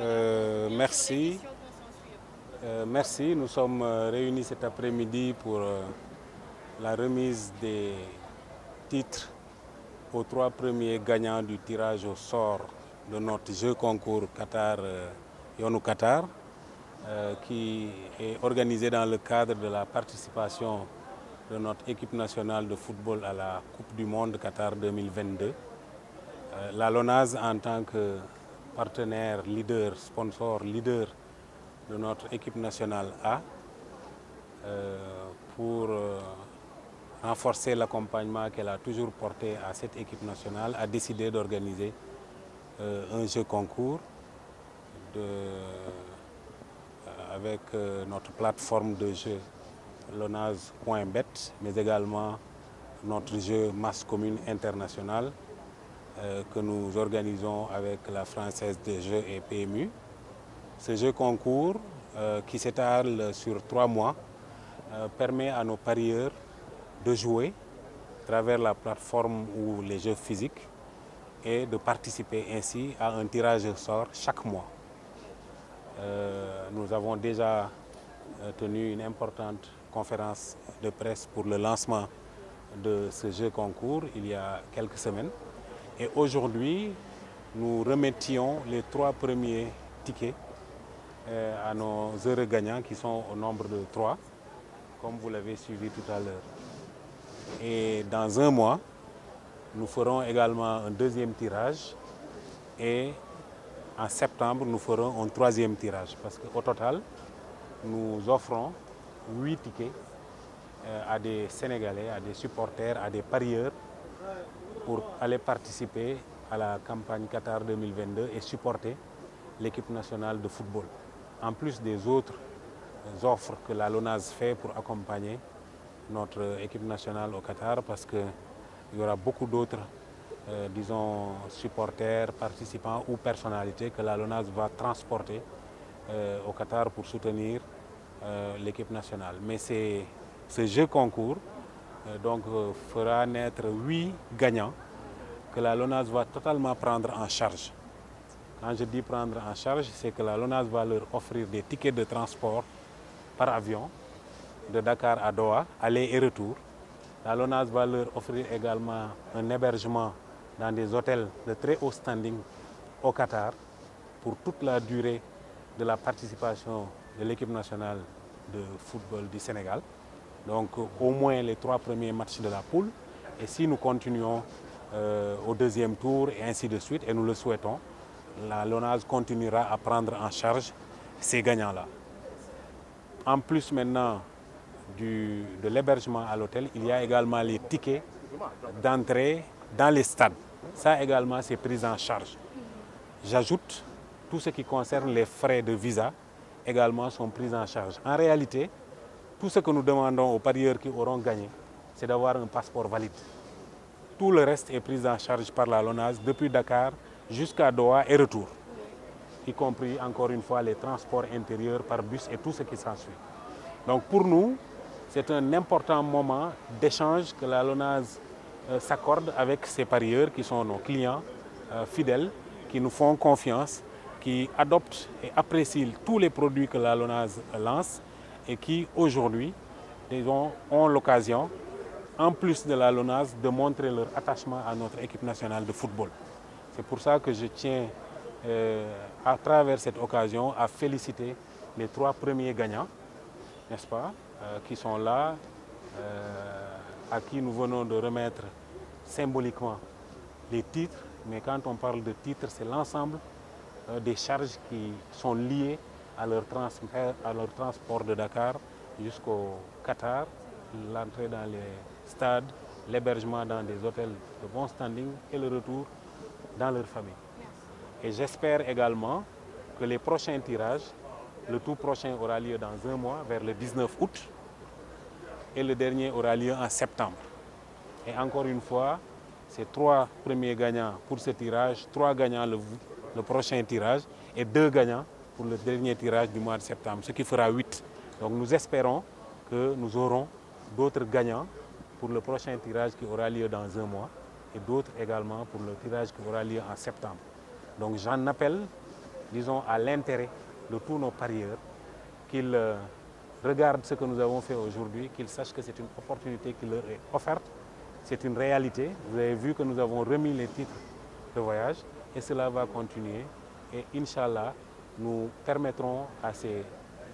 Euh, merci. Euh, merci. Nous sommes euh, réunis cet après-midi pour euh, la remise des titres trois premiers gagnants du tirage au sort de notre jeu concours Qatar euh, Yonou Qatar, est organisé dans le cadre de la participation de notre équipe nationale de football à la Coupe du Monde Qatar 2022. en tant que partenaire, leader, sponsor, leader de notre équipe nationale A euh, pour euh, renforcer l'accompagnement qu'elle a toujours porté à cette équipe nationale, a décidé d'organiser euh, un jeu concours euh, avec euh, notre plateforme de jeu lonaz.bet, mais également notre jeu masse commune internationale Euh, que nous organisons avec la Française des Jeux et PMU. Ce jeu concours, euh, qui s'étale sur trois mois, euh, permet à nos parieurs de jouer à travers la plateforme ou les jeux physiques et de participer ainsi à un tirage au sort chaque mois. Euh, nous avons déjà tenu une importante conférence de presse pour le lancement de ce jeu concours il y a quelques semaines. Et aujourd'hui, nous remettions les trois premiers tickets euh, à nos heureux gagnants qui sont au nombre de trois, comme vous l'avez suivi tout à l'heure. Et dans un mois, nu ferons également un deuxième tirage et en septembre, nu ferons un troisième tirage parce qu'au total, nous offrons huit tickets euh, à des Sénégalais, à des supporters, à des parieurs pour aller participer à la campagne Qatar 2022 et supporter l'équipe nationale de football. En plus des autres euh, offres que la LONAS fait pour accompagner notre équipe nationale au Qatar parce qu'il y aura beaucoup d'autres, euh, disons, supporters, participants ou personnalités que la va transporter euh, au Qatar pour soutenir euh, l'équipe nationale. Mais c'est ce jeu concours Euh, donc euh, fera naître huit gagnants que la LONAS va totalement prendre en charge. Quand je dis prendre en charge, c'est que la LONAS va leur offrir des tickets de transport par avion de Dakar à Doha, aller et retour. La LONAS va leur offrir également un hébergement dans des hôtels de très haut standing au Qatar pour toute la durée de la participation de l'équipe nationale de football du Sénégal. Donc au moins les trois premiers matchs de la poule. Et si nous continuons euh, au deuxième tour et ainsi de suite, et nous le souhaitons, la LONAS continuera à prendre en charge ces gagnants-là. En plus maintenant de l'hébergement à l'hôtel, il y a également les tickets d'entrée dans les stades. Ça également, c'est pris en charge. J'ajoute, tout ce qui concerne les frais de visa également son pris en charge. En réalité, Tout ce que nous demandons aux parieurs qui auront gagné, c'est d'avoir un passeport valide. Tout le reste est pris en charge par la LONAS depuis Dakar jusqu'à Doha et retour, y compris encore une fois les transports intérieurs par bus et tout ce qui s'ensuit. Donc pour nous, c'est un important moment d'échange que la LONAS euh, s'accorde avec ses parieurs qui sont nos clients euh, fidèles, qui nous font confiance, qui adoptent et apprécient tous les produits que la LONAS euh, lance et qui aujourd'hui ont, ont l'occasion, en plus de la LONAS, de montrer leur attachement à notre équipe nationale de football. C'est pour ça que je tiens, euh, à travers cette occasion, à féliciter les trois premiers gagnants, n'est-ce pas, euh, qui sont là, euh, à qui nous venons de remettre symboliquement les titres. Mais quand on parle de titres, c'est l'ensemble euh, des charges qui sont liées à leur, à transport de Dakar jusqu'au Qatar, l'entrée dans les stades, l'hébergement dans des hôtels de bon standing et le Et j'espère également les prochains le tout prochain aura dans un mois, vers le 19 août, et le dernier en septembre. Et encore une fois, ces trois premiers gagnants pour ce tirage, trois gagnants le, tirage et deux gagnants pour le dernier tirage du mois de septembre, ce qui fera 8. Donc nous espérons que nous aurons d'autres gagnants pour le prochain tirage qui aura lieu dans un mois et d'autres également pour le tirage qui aura lieu en septembre. Donc j'en appelle, disons, à l'intérêt de tous nos parieurs qu'ils euh, regardent ce que nous avons fait aujourd'hui, qu'ils sachent que c'est une opportunité qui leur est offerte, c'est une réalité. Vous avez vu que nous avons remis les titres de voyage et cela va continuer. Et Inch'Allah, nous permettrons à ces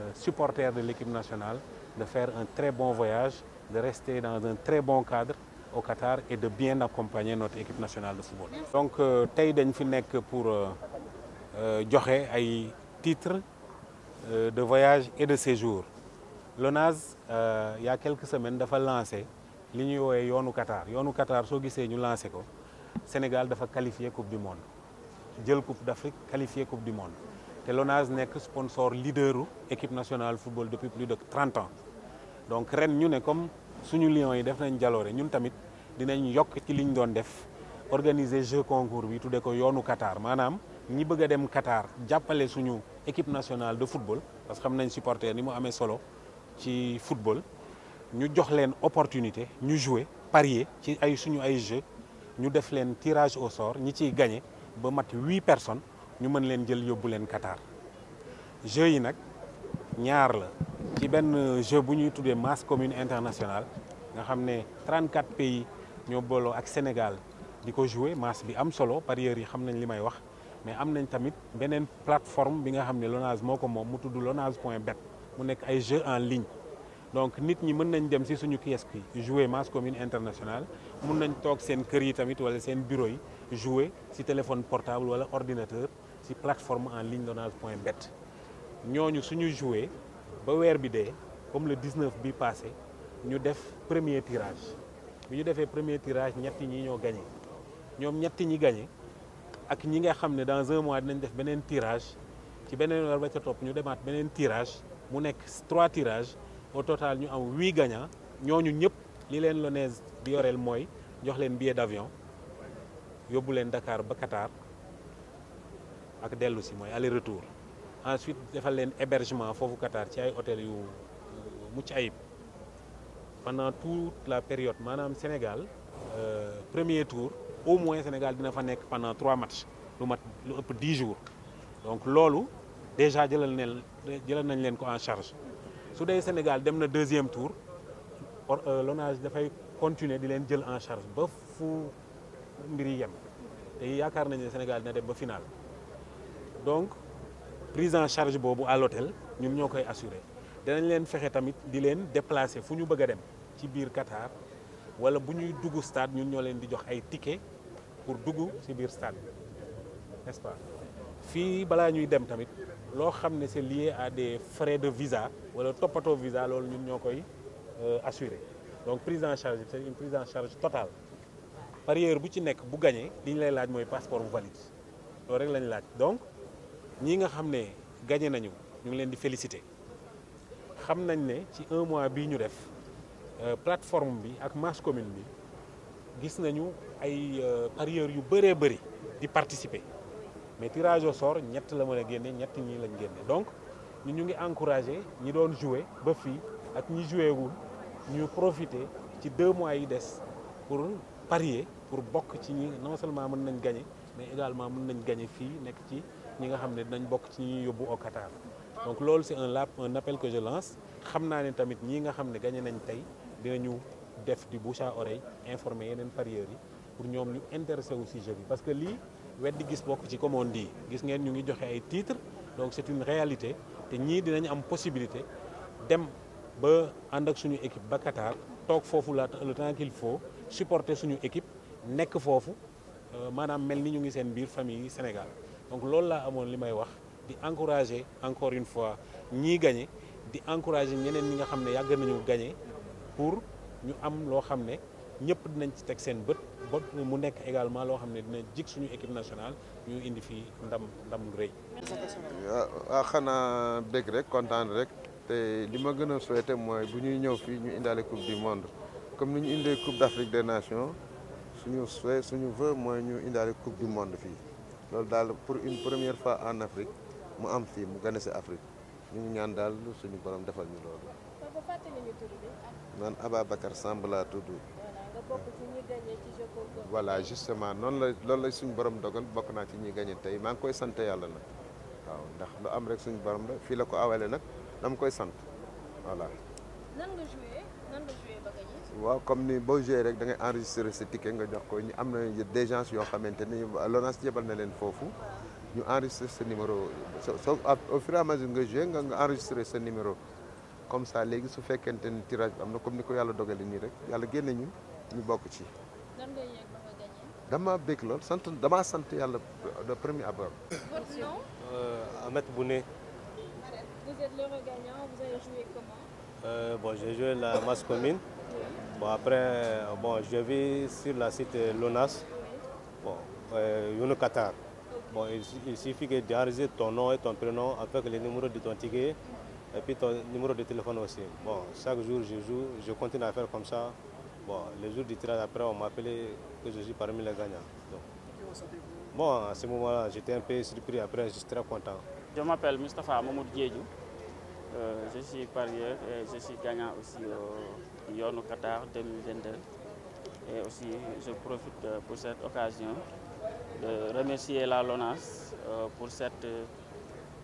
euh, supporters de l'équipe nationale de faire un très bon voyage, de rester dans un très bon cadre au Qatar et de bien accompagner notre équipe nationale de football. donc euh, tey dañu fi nekk pour euh, joxe ay titres de voyage et de séjour l'ONAS euh, il y quelques semaines dafa lancer li ñuy woowee yoonu Qatar yoonu Qatar soo gisee ñu lancer ko Sénégal dafa qualifié coupe du monde jël coupe d'Afrique qualifié coupe du monde te LONASE nekk sponsor leaderu équipe nationale football depuis plus de trente ans donc ren ñu ne comme suñu lions yi def nañ jaloore ñun tamit dinañ yokk ci liñ doon def organiser jeu concours bi tuddee ko yoonu Qatar maanaam ñi bëgg a dem Qatar jàppale suñu équipe nationale de football parce que am nañ supporter ni mu amee solo ci football ñu jox leen opportunité ñu jouer parier ci ay suñu ay jeu ñu def leen tirage au sort ñi ciy gagné ba mat huit personnes ñu mën leen jël yóbbu leen Qatar jeu yi nag ñaar la ci benn jeu bu ñuy tuddee masse commune international nga xam ne trent 34 pays ñoo booloo ak Sénégal di ko jouer masse bi am solo parieurs yi xam nañ li may wax mais am nañ tamit beneen plateforme bi nga xam ne Lonase moo ko moom mu tudd Lonase point bet mu nekk ay jeu en ligne donc nit ñi mën nañ dem si suñu kiosque yi joue masse commune international mun nañ toog seen kër yi tamit wala seen bureau yi jouer si téléphone portable wala ordinateur ci plateforme en ligne lonase.bet ñooñu suñu joué ba weer bi dee comme le 19 bi passé ñu def premier tirage bi ñu defee premier tirage ñetti ñi ñoo gagné ñoom ñetti ñi gagné ak ñi nga xam ne dans un mois dinañ def beneen tirage ci beneen weer ba ca topp ñu demaat beneen tirage mu nekk trois tirages au total ñu am huit gagnants ñooñu ñëpp li leen Lonase di yoreel mooy jox leen billet d'avion yóbbu leen Dakar ba Qatar ak dellu si mooy aller retour ensuite defal leen hébergement foofu Qatar ci ay hôtel yu mucc ayib pendant tout la période maanaam Sénégal euh, premier tour au moins Sénégal dina fa nekk pandant trois matchs lu mat lu ëpp dix jours donc loolu déjà jëlal neen jëlal nañ leen ko en charge su dee Sénégal dem na deuxième tour euh, l'ONAS dafay continuer di leen jël en charge ba fu mbir yi yem te yaakaar nañ ne Sénégal dina dem ba finaal donc prise en charge boobu à l'hôtel ñun ñoo koy assurer danañ leen fexe tamit di leen déplacer fu ñu bëgg a dem ci biir Qatar wala bu ñuy dugg stade ñun ñoo leen di jox ay ticket pour dugg ci biir stade bi ce pas fii balaa ñuy dem tamit loo xam ne c'est lié à des frais de visa wala toppatoo visa loolu ñun ñoo koy euh, assurer donc prise en charge c'est une prise en charge totale parieur bu ci nekk bu gagné li ñu lay laaj mooy passeport bu valide loolu rek lañ laaj donc ñi nga xam ne gagné nañu ñu ngi leen di félicité xam nañ ne ci un mois bii ñu def euh, plateforme bi ak masse commune bi gis nañu ay euh, parieurs yu bëree bëri di participer mais tirage au ñett la mën a génne ñett ñi lañ génne donc ñu ñu ngi encouragé ñi doon jouer ba fii ak ñi joué wul ñu profiter ci deux mois yi des pour parier pour bokk ci ñi non seulement mën nañ gagné. mais également mun nañ gagné fii nekk ci ñi nga xam ne dinañ bokk ci ñu yóbbu au Qatar donc loolu c'est un lap un appel que je xam naa ne tamit ñi nga xam ne gagné nañ tey dinañu def di bouche à oreille informer yeneen parieurs yi pour ñoom ñu intéressé u si bi parce que lii weddi gis bokk ci comme on dit gis ngeen ñu ngi joxe ay titres donc c'est une réalité te ñii dinañ am possibilité dem ba ànd ak suñu équipe ba Qatar toog foofu la le temps qu'il faut supporter suñu équipe nekk foofu Euh, maanaam mel ni ñu ngi seen biir famille Sénégal donc loolu laa amoon li may wax di encourager encore une fois ñii gagné di encourager ñeneen li nga xam ne yàgg nañu gagné pour ñu am loo xam ne ñëpp dinañ ci teg seen bët ba mu nekk également loo xam ne dina jig suñu équipe nationale ñu indi fii ndam ndam rëy. waaw ah, xanaa bëgg rek kontaan rek te li ma gën a souhaité mooy bu ñuy ñëw fii ñu indaale coupe du monde comme ni ñu indee coupe d'Afrique des nations. ñu souhait suñu vœu ñu ñu indaale coupe du monde fii loolu daal pour une première fois en Afrique mu am fii mu gane si Afrique ñu ngi ñaan daal suñu borom defal ñu loolu. man Ababacar Samb laa tudd. voilà justement noonu la loolu la suñu borom dogal bokk naa ci ñuy gagné tey maa ngi koy sante yàlla nag waaw ndax lu am rek suñu borom la fii la ko awale nag dama koy sant voilà. waaw comme ni boo joué rek dangay ngay enregistré sa ticket nga jox ko ñu am na des gens yoo xamante ni LONASE yebal na leen foofu ñu enregistré sa numéro soo au nga joué nga nga sa numéro comme ça léegi su fekkente ni tirage bi am na comme ni ko yàlla dogalee nii rek yàlla génne ñu ñu bokk ci. dama bëgg lool sant damaa sant yàlla de premier abord. votre nom. Euh, Ahmed Bon, après, bon, je vis sur la site LONAS, bon, euh, Qatar. Bon, il, il suffit que d'enregistrer ton nom et ton prénom avec le numéro de ton ticket et numéro de téléphone aussi. Bon, chaque jour, je continue à faire comme ça. le jour du tirage, après, on m'appelait que je suis parmi les gagnants. Bon, à ce moment-là, j'étais un peu surpris, après, je suis très content. Je m'appelle Mustapha Mamoud Diédiou. Euh, je suis parieur et je suis gagnant aussi au Qatar Et je profite euh, pour cette occasion de remercier la LONAS euh, pour cette,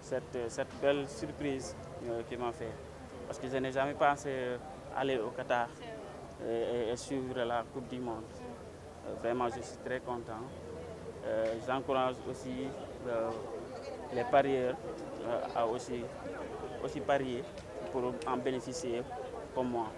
cette, cette, belle surprise euh, qu'ils fait. Parce que je n'ai jamais pensé euh, aller au Qatar et, et, suivre la Coupe du Monde. vraiment, je suis très content. J'encourage aussi les parieurs à aussi aussi parier pour en bénéficier comme moi.